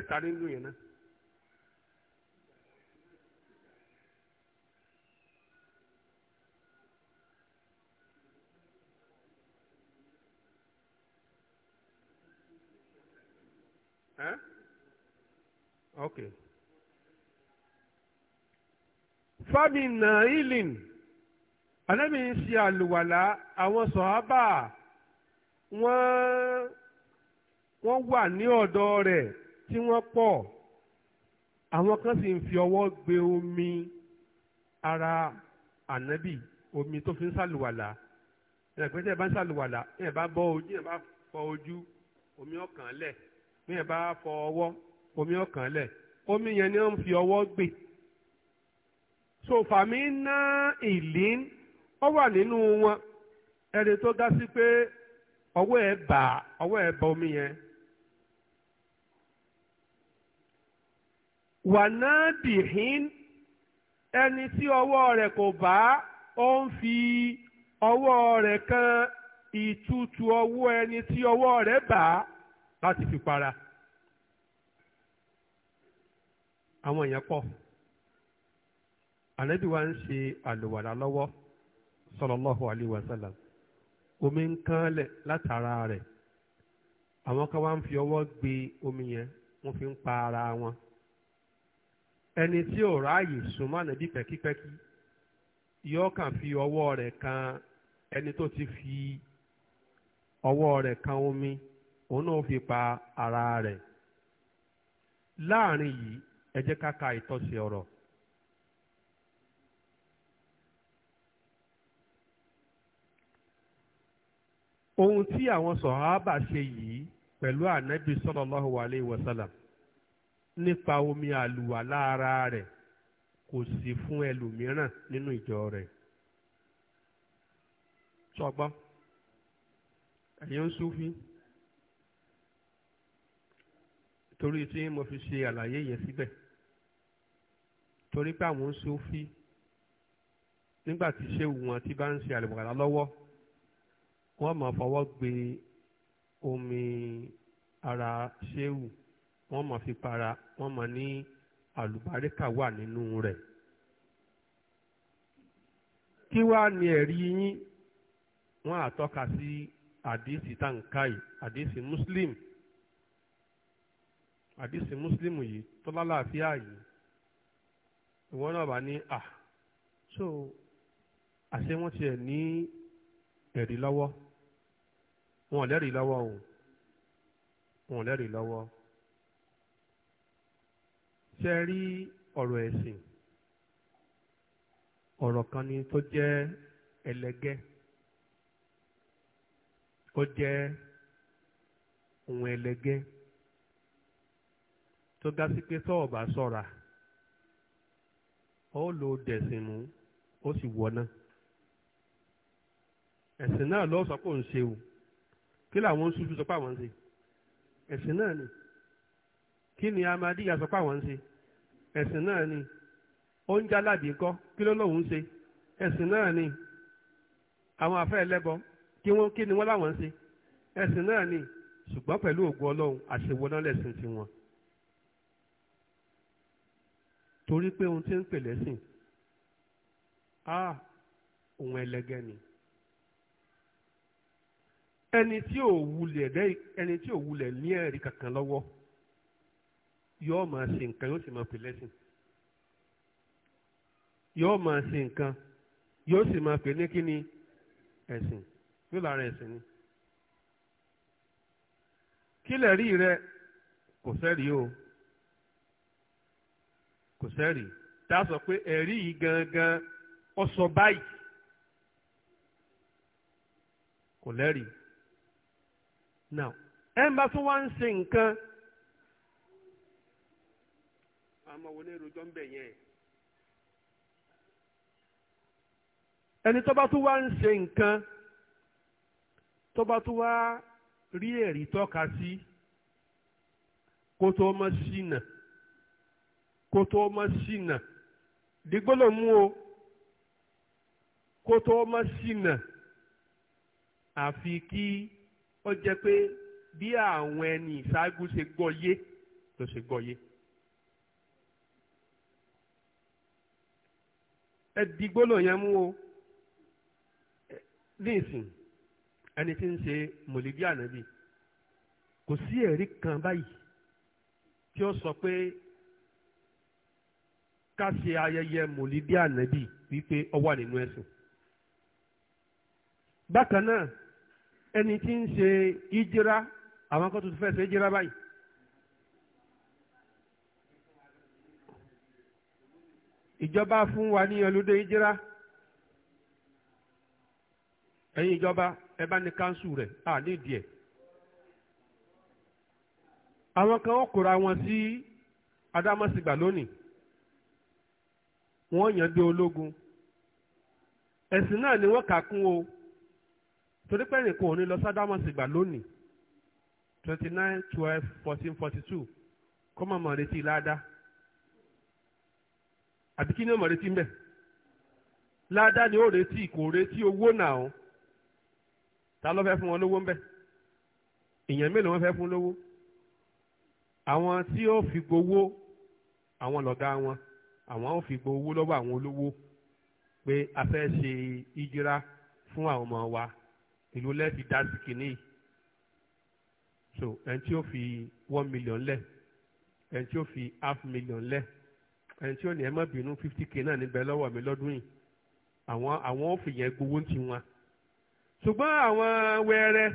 iṣẹ́ na nínú yẹn náà. Huh? Okay. fámìnà ilin alẹ́mi ń ṣe tí wọ́n pọ̀ àwọn kan sì ń fi ọwọ́ gbé omi ara ànábì omi tó fi ń sàlùwàlà ìrẹ̀pẹ́ tẹ́ ẹ bá ń sàlùwàlà ẹ bá bọ́ ojú ẹ bá fọ ojú omi ọkàn lẹ̀ bí bá fọ ọwọ́ omi ọkàn lẹ̀ omi yẹn ni wọ́n fi ọwọ́ gbé so fàmí ná ìlín ọ wà nínú wọn ẹni tó dá sí pé ọwọ́ ẹ bà ọwọ́ ẹ bà omi yẹn wànádìhín ẹni tí ọwọ́ rẹ̀ kò bá ó ń fi ọwọ́ rẹ̀ kan ìtutù ọwọ́ ẹni tí ọwọ́ rẹ̀ bá láti fi para àwọn èèyàn pọ̀ ànábì wa ń ṣe àlùwàlà lọ́wọ́ sallallahu alaihi wasallam omi ń kán lẹ̀ látara rẹ̀ àwọn kan wá ń fi ọwọ́ gbé omi yẹn wọ́n fi ń pa ara wọn. ẹni tí ò ráàyè súnmọ́ ànábì pẹ́kípẹ́kí yóò kàn fi ọwọ́ rẹ̀ kan ẹni tó ti fi ọwọ́ rẹ̀ kan omi òun náà fi pa ara rẹ̀ láàrin yìí ẹ jẹ́ ká ka ìtọ́sí ọ̀rọ̀. ohun tí àwọn sọ̀hábà ṣe yìí pẹ̀lú ànábì sallallahu alaihi wasallam nípa omi àlùwàlá ara rẹ̀ kò sí fún ẹlòmíràn nínú ìjọ rẹ̀ sọgbọ́n ẹ̀yin ń súnfín torí tí mo fi ṣe àlàyé yẹn síbẹ̀ torí pé àwọn ń súnfín nígbà tí ṣéwù wọn ti bá ń ṣe àlùwàlá lọ́wọ́ wọ́n máa fọwọ́ gbé omi ara ṣéwù wọ́n máa fi para wọ́n máa ní àlùbáríkà wà nínú rẹ̀ kí wàá ní ẹ̀rí yín wọ́n àtọ́ka sí àdìsí tankai àdìsí muslim àdìsí muslim yìí tọ́lá làáfíà yìí ìwọ náà bá ní à so àṣé wọ́n tiẹ̀ ní ẹ̀rí lọ́wọ́ wọn ò lẹ́rìí lọ́wọ́ o wọn ò lẹ́rìí lọ́wọ́ ṣe rí ọ̀rọ̀ ẹ̀sìn ọ̀rọ̀ kan ni tó jẹ́ ẹlẹgẹ́ ó jẹ́ ohun ẹlẹgẹ́ tó ga sí pé tọ́ ọ̀bà sọ̀ra ó lo dẹ̀sìn ó sì wọ̀nà ẹ̀sìn náà ló sọ pé òun ṣe o kí làwọn ṣúṣú sọ pé àwọn ń ṣe ẹ̀sìn náà ni kí ni amadi yà sọ pé àwọn ń ṣe ẹ̀sìn náà ni ó ń jálàbí ńkọ́ kí ló lóun ṣe ẹ̀sìn náà ni àwọn àfẹ́ ẹlẹ́bọ kí wọ́n kí ni wọ́n láwọn ń ṣe ẹ̀sìn náà ni ṣùgbọ́n pẹ̀lú ògùn ọlọ́run àṣewọná lẹ̀sìn tiwọn torí pé ohun tí ń pè lẹ́sìn á ohun ẹlẹgẹ́ ni ẹni tí ò wulẹ̀ ní ẹ̀rí kankan lọ́wọ́ yóò máa ṣe nǹkan yóò sì máa pè lẹ́sìn yóò máa ṣe nǹkan yóò sì máa pè ní kíni ẹ̀sìn yóò lára ẹ̀sìn ni rí rẹ kò sẹ́rìí o kò sẹ́rìí tá a sọ pé ẹ̀rí yìí gangan ó sọ báyìí kò lẹ́rìí now ẹ̀ ń bá tún wá ń ṣe àmọ́ wo ní rojọ́ ń bẹ̀ yẹn. ẹni tó bá tún wá ń ṣe nǹkan tó bá tún wá rí ẹ̀rí tọ́ka sí kó tó mọ́ ṣìnà kó tó mọ́ ṣìnà dìgbòlò mú o kó tó mọ́ ṣìnà àfi kí ó jẹ́ pé bí àwọn ẹni ìṣáájú ṣe gbọ́ yé ló ṣe gbọ́ yé. ẹ di gbólóhùn yẹn mú o nísìn ẹni tí ń ṣe mọ̀lẹ́bí ànábì kò sí ẹ̀rí kan báyìí tí ó sọ pé ká ṣe ayẹyẹ mọ̀lẹ́bí ànábì wípé ó wà nínú ẹ̀sìn bákan náà ẹni tí ń ṣe ìjírá àwọn kan tó fẹ́ ṣe ìjírá báyìí ìjọba fún wa ní ọlọ́dẹ ìjírá ẹ̀yin ìjọba ẹ bá ní káńsù rẹ̀ à nídìí ẹ̀ àwọn kan ó kóra wọn sí adámọ́sìgbà lónìí wọ́n yàn dé ológun ẹ̀sìn náà ni wọ́n kà kún o torí pé nìkan ò ní lọ sádámọ́sìgbà lónìí twenty nine twelve fourteen forty two àbí kí ni ó mọ̀ retí mbẹ́ ládàá ni ó retí kò retí owó náà o ta ló fẹ́ fún wọn lówó mbẹ́ èèyàn mélòó wọn fẹ́ fún lówó àwọn tí ó fi gbowó àwọn lọ̀gá wọn àwọn ó fi gbowó lọ́wọ́ àwọn olówó pé a fẹ́ ṣe ìjìra fún àwọn ọmọ wa ìlú lẹ́ẹ̀fi dá sí kìíní so ẹni tí ó fi one million lẹ̀ ẹni tí ó fi half million lẹ̀ ẹni tí ó ní ẹ má bínú fifty k náà níbẹ̀ lọ́wọ́ mi lọ́dún yìí àwọn àwọn ò fìyẹn gbowó ti wọn ṣùgbọ́n àwọn wẹrẹ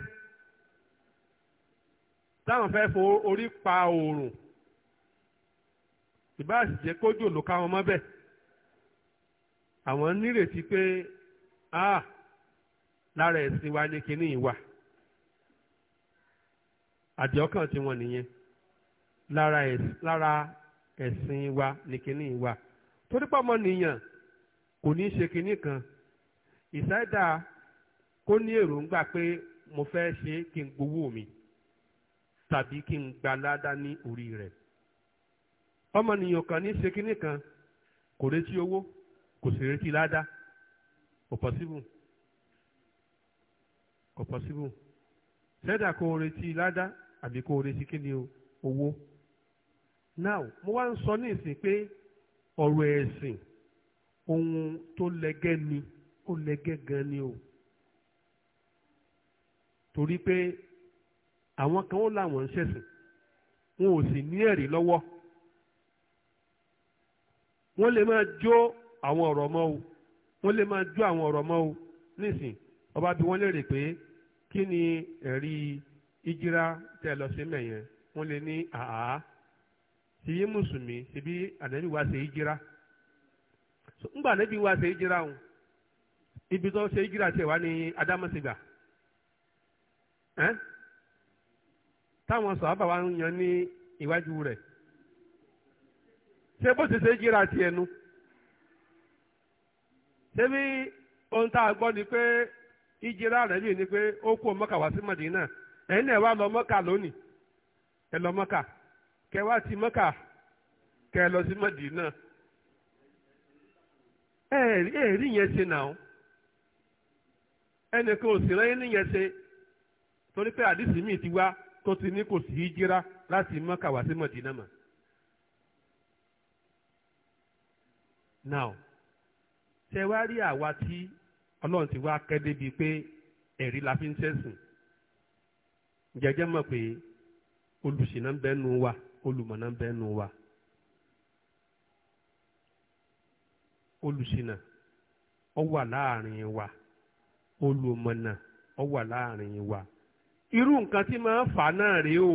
táwọn fẹ́ fo orí pa oòrùn ìbáà sì jẹ́ kójú òlò káwọn mọ́ bẹ́ẹ̀ àwọn nírètí pé a lára ẹ̀sìn wa ní kinní ìwà àdìọ́kàn tiwọn nìyẹn lára ẹ̀sìn wa ní kinní wa torí pé ọmọnìyàn kò ní í ṣe kinní kan ìsáídà kó ní èròǹgbà pé mo fẹ́ ṣe kí n gbowó mi tàbí kí n gba ládá ní orí rẹ̀ ọmọnìyàn kan ní í ṣe kinní kan kò retí owó kò sì retí ládá kò possible kò possible ṣẹ́dà kò retí ládá àbí kò retí kí owó now mo wá ń sọ ní ìsìn pé ọ̀rọ̀ ẹ̀sìn ohun tó lẹ́gẹ́ ni ó lẹ́gẹ́ gan ni o torí pé àwọn kan ó láwọn ń ṣẹ̀sìn wọn ò sì ní ẹ̀rí lọ́wọ́ wọ́n lè máa jó àwọn ọ̀rọ̀ mọ́ o wọ́n lè máa jó àwọn ọ̀rọ̀ mọ́ o nísìn ọba bí wọ́n lérè pé kí ni ẹ̀rí ìjìrá tẹ̀ lọ sí mẹ̀yẹn wọ́n lè ní àá ti yín mùsùlùmí ti bí ànábì wa ṣe hìjírà ńgbà ànábì wa ṣe ibi tó ṣe hìjírà tiẹ̀ wá ní adámọ̀sígbà ta sọ̀hábà wa ń yan ní ìwájú rẹ̀ ṣé bó ti ṣe hìjírà tiẹ̀ nu a gbọ́ ni pé ìjírà rẹ̀ lè ní ẹ kẹ ti mọ́kà kẹ lọ sí mọ́dínà ẹ̀ẹ́rí yẹn ṣe nà ó ẹnìkan ò sì rán yín yẹn ṣe torí pé àdìsí mi ti wá tó ti ní kò sí hìjírà láti mọ́kà wá sí mọ́dínà mọ́. now ṣe wá rí àwa ti wá kẹ́ débi pé ẹ̀rí la fi ń ṣẹ̀sìn jẹjẹ́ mọ̀ wa. olùmọ̀nà ń bẹ́nu wa olùsìnà ó wà láàrin wa olùmọ̀nà ó wà láàrin wa irú nǹkan tí máa ń fà náà rí o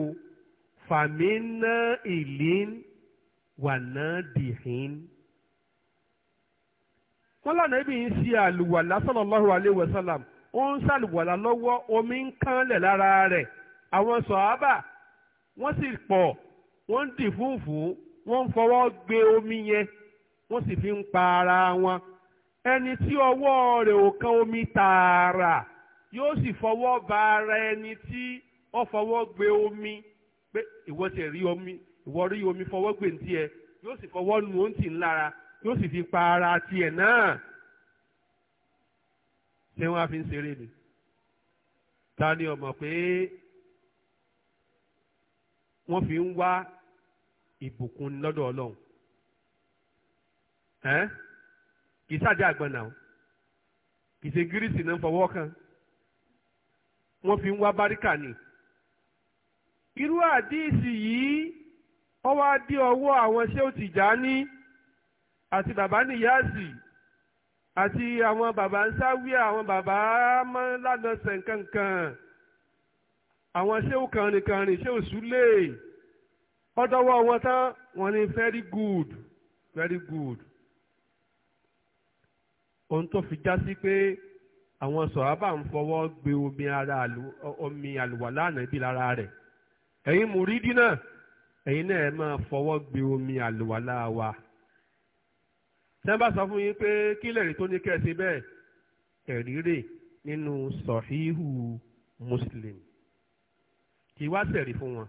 fàmí ná ìlí wà náà dìhín wọ́n lànà ibi ń ṣe àlùwàlá sallallahu alaihi wasallam ó ń ṣàlùwàlá lọ́wọ́ omi ń kánlẹ̀ lára rẹ̀ àwọn sọ̀hábà wọ́n sì pọ̀ wọ́n ń dì fúnfún wọ́n ń fọwọ́ gbé omi yẹn wọ́n sì fi ń pa ara wọn ẹni tí ọwọ́ rẹ̀ ò kan omi tààrà yóò sì fọwọ́ ba ara ẹni tí ó fọwọ́ gbé omi pé ìwọ ti rí omi ìwọ rí omi fọwọ́ gbé ní tiẹ̀ yóò sì fọwọ́ nu ó ń tì lára yóò sì fi pa ara tiẹ̀ náà ṣé wọ́n á fi ń ṣeré ni ta ni ọmọ pé wọ́n fi ń wá ìbùkún lọ́dọ̀ ọlọ́run ẹ́n kì í sáàdé àgbọ̀nà o kì í ṣe gírísì náà fọwọ́ kan wọ́n fi ń wá báríkà ni irú àdíìsì yìí ó wá dé ọwọ́ àwọn ṣé ó ti jà ní àti bàbá níyàásì àti àwọn bàbá ń sáwí àwọn bàbá mọ́ lánàá sẹ̀ǹkankan àwọn ṣéwù kànrìnkànrìn ṣéwù súlẹ̀ ọ̀dọ́wọ́ wọn tán wọn ni very good very good ohun tó fi já sí pé àwọn sọ̀hábà ń fọwọ́ gbé omi ara omi àlùwàlá ànábì lára rẹ̀ ẹ̀yin mùrídì náà ẹ̀yin náà ẹ máa fọwọ́ gbé omi àlùwàlá wa. sẹ́ń bá sọ fún yín pé kí lẹ́rìí tó ní kẹ́sì bẹ́ẹ̀ ẹ̀rí rẹ̀ nínú sọ̀híhù muslim kì í wá sẹ̀rí fún wọn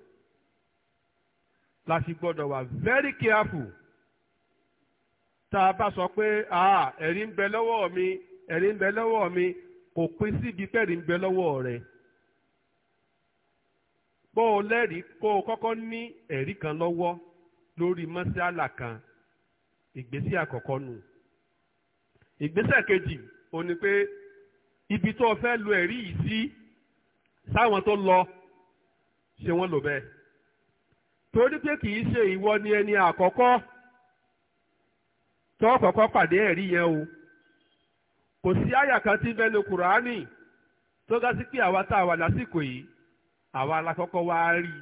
la sì gbọ́dọ̀ wà very careful tá a bá sọ pé ẹ̀rí ń bẹ lọ́wọ́ mi ẹ̀rí ń bẹ lọ́wọ́ mi kò pín síbi pẹ́ẹ́rì ń bẹ lọ́wọ́ rẹ̀ bó o lẹ́rìí kó o kọ́kọ́ ní ẹ̀rí kan lọ́wọ́ lórí mọ́sálà kan ìgbésẹ̀ àkọ́kọ́ nù ìgbésẹ̀ kejì o ní pé ibi tó o fẹ́ lo ẹ̀rí yìí sí sáwọn tó lọ ṣé wọn lò bẹẹ torí pé kì í ṣe ìwọ ni ẹni àkọ́kọ́ tó kọ́kọ́ pàdé ẹ̀rí yẹn o kò sí àyà kan tí bẹ́ẹ̀ ni kùránì tó ga sí pé àwa tá a wà lásìkò yìí àwa la kọ́kọ́ wá rí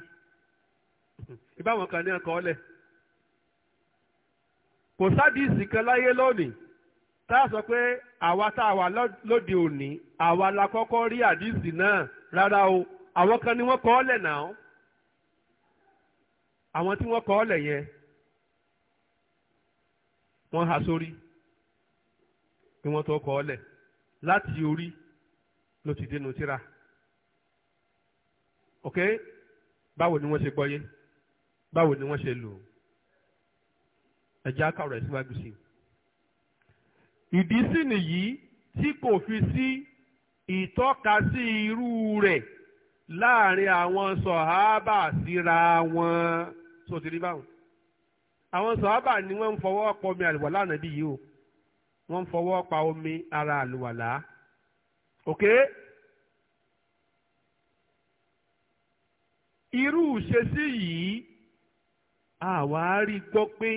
i ìbáwọn kan ní ẹ̀kọ́ ọ̀lẹ̀ kò sádìsì kan láyé lónìí tá a sọ pé àwa tá a wà lóde òní àwa la rí àdìsì náà rárá o. àwọn kan ni wọ́n kọ́ ọ́lẹ̀ náà àwọn tí wọ́n kọ́ ọ́lẹ̀ yẹn wọ́n há sórí pé wọ́n tó kọ́ ọ́lẹ̀ láti orí ló ti dénú tíra ok báwo ni wọ́n ṣe gbọ́yé báwo ni wọ́n ṣe lò ó ẹ̀já kàrọ̀ ẹ̀ síwájú sí i ìdí sì nìyí tí kò fi sí ìtọ́ka sí irú rẹ̀ láàrin àwọn sọ̀hábà síra wọn tó ti rí báwọn àwọn sọ̀hábà ni wọ́n ń fọwọ́ pa omi àlùwàlá ànábì yìí o wọ́n ń fọwọ́ pa omi ara àlùwàlá òkè irú ìṣesí yìí àwárí gbọ́ pé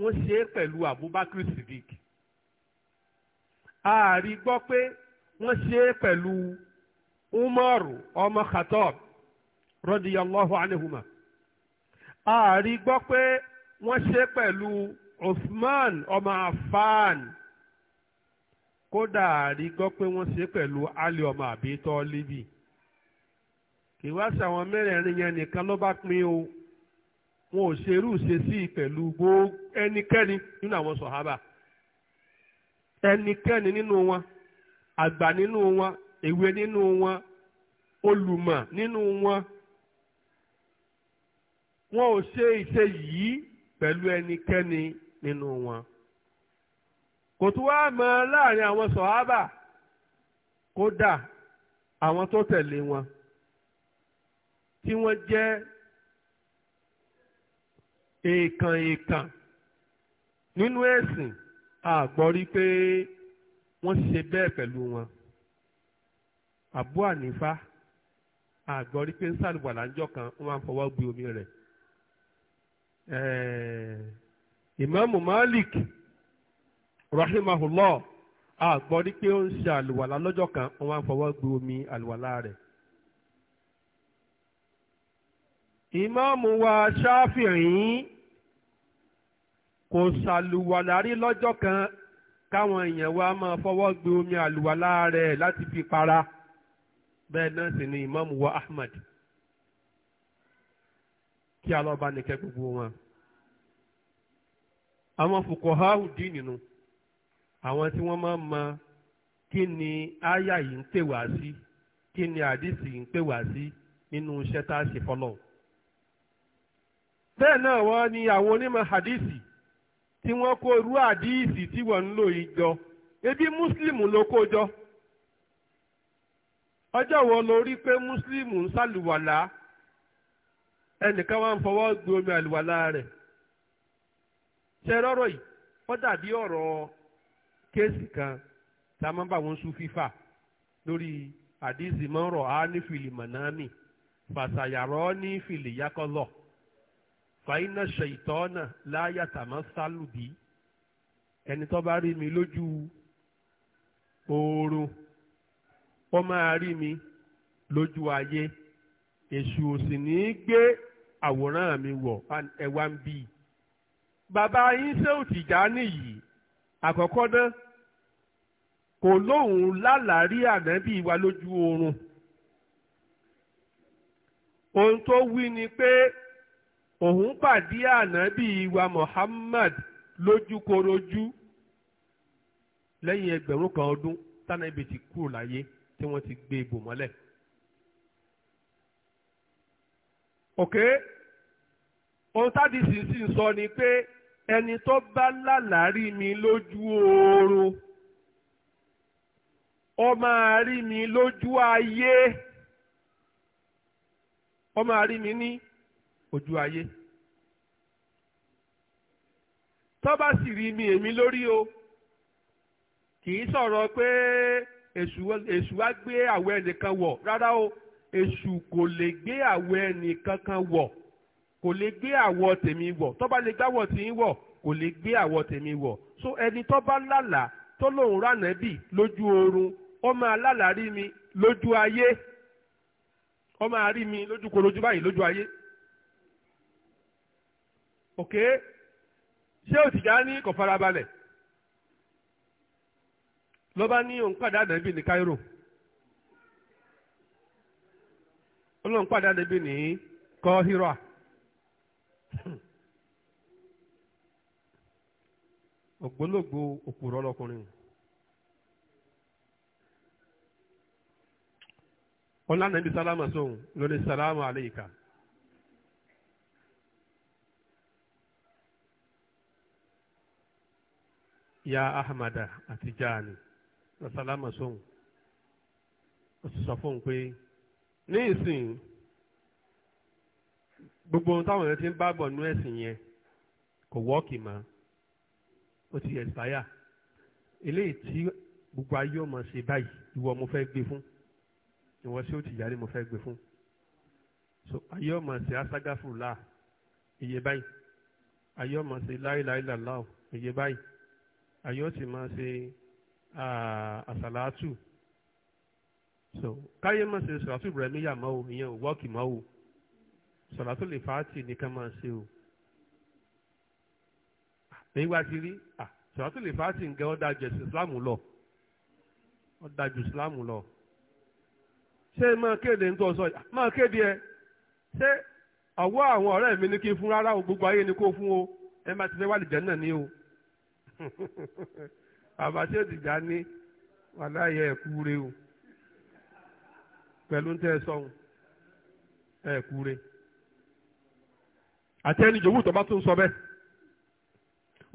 wọ́n ṣe é pẹ̀lú Abubakar Siddiq àárí gbọ́ pé wọ́n ṣe é pẹ̀lú umaru ọmọ khatab rọ́díyàlláhu anihuma ààrí gbọ́ pé wọ́n ṣe pẹ̀lú ọmọ afan kódà ààrí gbọ́ pé wọ́n ṣe pẹ̀lú ali ọmọ àbí tọ́líbì kì wá yẹn nìkan ló bá o wọn ò ṣerú ṣe sí gbogbo nínú àwọn èwe nínú wọn olùmọ̀ nínú wọn wọn ò ṣe iṣẹ́ yìí pẹ̀lú ẹnikẹ́ni nínú wọn kò tún wá mọ láàrin àwọn sọ̀hábà kódà àwọn tó tẹ̀lé wọn tí wọ́n jẹ́ èèkàn èèkàn nínú ẹ̀sìn àgbọ́rí pé wọ́n ṣe bẹ́ẹ̀ pẹ̀lú wọn. àbú ànífà àgbọ̀rí pé ń sàlùwàlà ńjọ́ kan wọ́n máa ń fọwọ́ gbé omi rẹ̀ ìmáàmù Malik rahimahullah àgbọ̀rí pé ó ń ṣe àlùwàlà lọ́jọ́ kan wọ́n máa ń fọwọ́ gbé omi aluwala rẹ̀. ìmáàmù wa ṣáfìrín kò ṣàlùwàlà rí lọ́jọ́ kan káwọn èèyàn wa máa fọwọ́ gbé omi aluwala rẹ̀ láti fi para. bẹ́ẹ̀ náà sì ni ìmáàmù wa Ahmad kí alọ́ba nìkẹ́ gbogbo wọn. àwọn fukọ̀háù dì nínú àwọn tí wọ́n máa ń mọ kí ni áyà yìí ń pè wá sí kí ni àdìsí yìí ń pè wá sí nínú iṣẹ́ tá a ṣe fọlọ́. bẹ́ẹ̀ náà wọ́n ní àwọn onímọ̀ àdìsí tí wọ́n kó irú àdìsí tí wọ́n ń lò yìí jọ ebi Muslim ló kó jọ. ọjọ́ wo lo rí pé mùsùlùmù ń ṣàlùwàlá ẹnìkan wá ń fọwọ́ gbé omi àlùwàlá rẹ̀ ṣe rọ́rọ̀ yìí wọ́n dàbí ọ̀rọ̀ kéèsì kan tá a máa ń bá wọn sún fífà lórí àdìsí mọ́rọ̀ á ní fìlì mọ̀nàmì fàṣàyàrọ́ ní fìlì yakọ́lọ̀ fàyínà ṣèyítọ́nà láyàtàmọ́ sálùbí ẹni tó bá rí mi lójú oorun ó máa rí mi lójú ayé èṣù ò sì ní í gbé àwòrán mi wọ̀ ẹ̀wà ń bí i. bàbá yín ṣé ò tìjà nìyí àkọ́kọ́ náà kò lóun lálàárí ànábì wa lójú oorun ohun tó wí ni pé òun pàdé ànábì wa Muhammad lójúkorojú lẹ́yìn ẹgbẹ̀rún kan ọdún tánàbì ti kúrò láyé tí wọ́n ti gbé ibò mọ́lẹ̀. ok ohun tádìsì sì ń sọ ni pé ẹni tó bá lálàárí mi lójú oorun ó máa rí mi lójú ayé ó máa rí mi ní ojú ayé tó bá sì rí mi èmi lórí o kì í sọ̀rọ̀ pé èṣù wá gbé àwẹ̀ ẹnìkan wọ̀ rárá o èṣù kò lè gbé àwẹ̀ ẹnìkan kan wọ̀ kò lè gbé àwọ̀ tèmi wọ̀ tó bá lè gbáwọ̀ tí ń wọ̀ kò lè gbé àwọ̀ tèmi wọ̀ so ẹni tó bá lálàá tó lóun ránàbì lójú oorun ó máa lálàá rí mi lójú ayé ó máa rí mi lójú korojú báyìí lójú ayé ok ṣé òtìjà ní kò farabalẹ̀ ló bá ní òun pàdé ànábì ní Cairo ó lóun pàdé ànábì ní Kọ́hírà ògbólógbò òpùrọ́ lọkùnrin wọn lánàá ibi sálámà sóhun lórí sálámà àléyìká. ya ahmada àti lọ sálámà sóhun ó sì sọ fóun pé ní ìsìn gbogbo ohun táwọn èèyàn ti ń bá bọ̀ nú ẹ̀sìn yẹn kò wọ́ọ̀kì mọ́ ó ti ẹ̀sìpáyà eléyìí tí gbogbo ayé ọmọ ṣe báyìí ìwọ mo fẹ́ gbé fún ìwọ sí ó ti yàrá mo fẹ́ gbé fún so ayé ọmọ ṣe aságàfùlà iye báyìí ayé ọmọ ṣe láìláìlà láò iye báyìí ayé ó sì máa ṣe. Ah, àṣàlátù so káyé máa ṣe ṣàlátù ìbùrẹ̀míyà mọ́ o ìyẹn ò wọ́ọ̀kì mọ́ o ṣàlátù lè fàátì nìkan máa ṣe o èyí wá ti rí ṣàlátù ah, lè fàátì nǹkan ó dájú ẹ̀sìn ìsìláàmù lọ ó dájú ìsìláàmù lọ ṣé máa kéde ń tọ́ sọ ah, máa kéde ẹ ṣé ọwọ́ àwọn ọ̀rẹ́ mi ní kí n fún rárá o gbogbo ayé ni kó fún o ẹ máa ti fẹ́ wà lìjẹ́ náà ní o bàbá tí ó ti já ní wàláyé ẹ̀kú re o pẹ̀lú tẹ́ ẹ sọ́hun ẹ̀kú re àti ẹni jòwú tó bá tún sọ bẹ́ẹ̀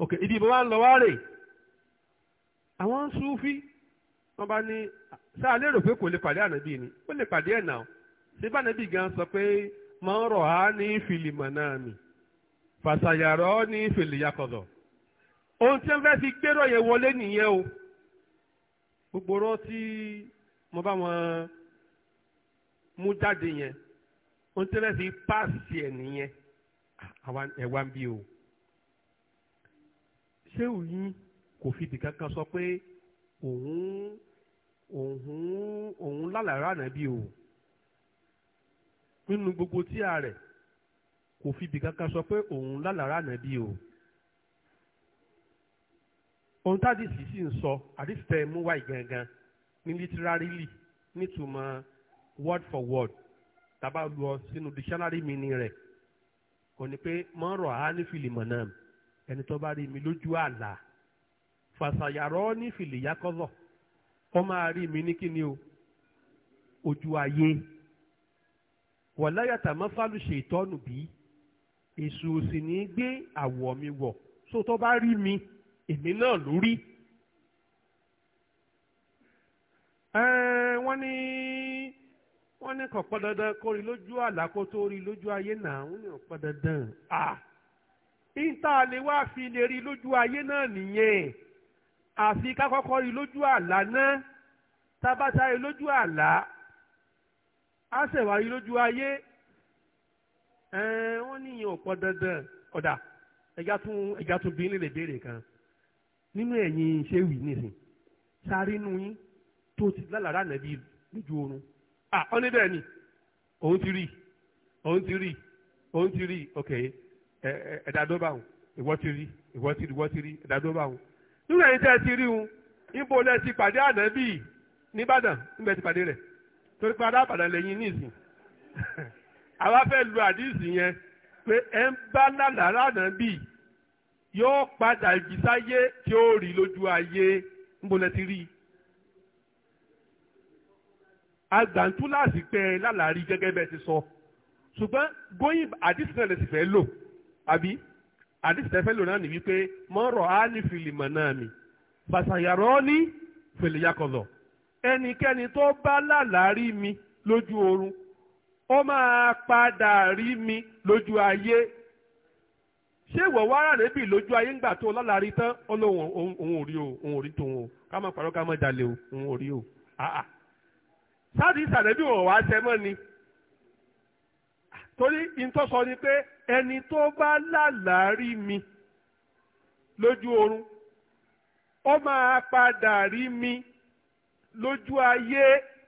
ok ìdìbò wa ń lọ wá rè àwọn Súfí wọn bá ní sáà lérò pé kò lè pàdé ànábì ni ó lè pàdé ẹ̀ náà ṣé bá gan sọ pé mọ̀ ń rọ̀ á ní fìlìmọ̀ náà mi fàṣàyàrọ̀ ní fìlìyàkọ̀dọ̀ ohun tí wọ́n fẹ́ fi gbérò yẹn wọlé nìyẹn o gbogbo ọ̀rọ̀ tí mo bá wọn mú jáde yẹn ohun tí wọ́n fẹ́ fi páàsì ẹ̀ nìyẹn ẹ̀wá ń bí o ṣé òyìn kò fi dìkan kan sọ pé òun òun òun lálàárà nàbí o nínú gbogbo tí a kò fi dìkan kan sọ pé òun lálàárà nàbí o ohun tádìsì sì ń sọ àdìsì tẹ mú wáyé gangan ní literally nítumọ̀ word for word tàbá lọ sínú dictionary mi ní rẹ̀ kò ní pé mọ́rọ̀ á ní fìlìmọ̀ náà ẹni tó bá rí mi lójú àlá fàṣàyàrọ́ ní fìlìyà kọ́lọ̀ kọ́ máa rí mi ní kíni o ojú ayé wọ̀láyàtà mọ́fàlù ṣe ìtọ́nù bí èṣù òsì ní gbé àwọ̀ mi wọ̀ sótọ́ bá rí mi. So, èmi náà lórí. wọ́n ní wọ́n ní kò pọn dandan kó rí lójú àlá kó tó rí lójú ayé náà wọ́n ní kò pọn dandan. níta lè wá fi lè rí lójú ayé náà nìyẹn àfi ká kọ́kọ́ rí lójú àlá náà tabata rí lójú àlá á ṣẹ̀wá rí lójú ayé wọ́n ní ìyẹn dandan ọ̀dà ẹ̀já tún ẹ̀já tún bí nílẹ̀ béèrè kan nínú ẹ̀yin ṣéwì nìsín sáré nu yín tó ti lálàrá nàbí lójú oorun ah ọ́ níbẹ̀ ni òun ti rí òun ti rí òun ti rí ok ẹ ẹ̀dá tó bá wọn ìwọ ti rí ìwọ ti rí ìwọ ti rí ẹ̀dá tó bá wọn nínú ẹ̀yin tẹ́ ẹ ti rí wọn níbo lẹ ti pàdé ànábì nìbàdàn níbẹ̀ ti pàdé rẹ̀ torí pé adábàdàn lẹ́yìn nìsín àwa fẹ́ lu àdìsí yẹn pé ẹ ń bá lálàrá nàbí yóò padà ìbísáyé tí ó rí lójú ayé ńbọlẹ̀ ti rí i. agbàntú láti pẹ́ lálàárí gẹ́gẹ́ bẹ́ẹ̀ ti sọ ṣùgbọ́n góyìn àdìsí náà lè sì fẹ́ lò àbí àdìsí náà fẹ́ lò náà ní wípé mọ́rọ̀ á ní fìlìmọ̀ náà mi fàṣàyàrọ́ ní fìlìyàkọ̀lọ̀ ẹnikẹ́ni tó bá lálàárí mi lójú oorun ó máa padà rí mi lójú ayé ṣé ìwọ wá rà níbi lójú ayé ńgbà tó lọ́la rí tán ó lóun òun ò rí o òun ò rí tòun o ká má parọ́ ká má jalè o òun ò rí o àà sáàdì ìsàlẹ̀bí wọn wá ṣẹ mọ́ ni torí ìtọ́ sọ ni pé ẹni tó bá lálàárí mi lójú oorun ó máa padà rí mi lójú ayé.